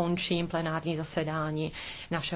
končím plenární zasedání našeho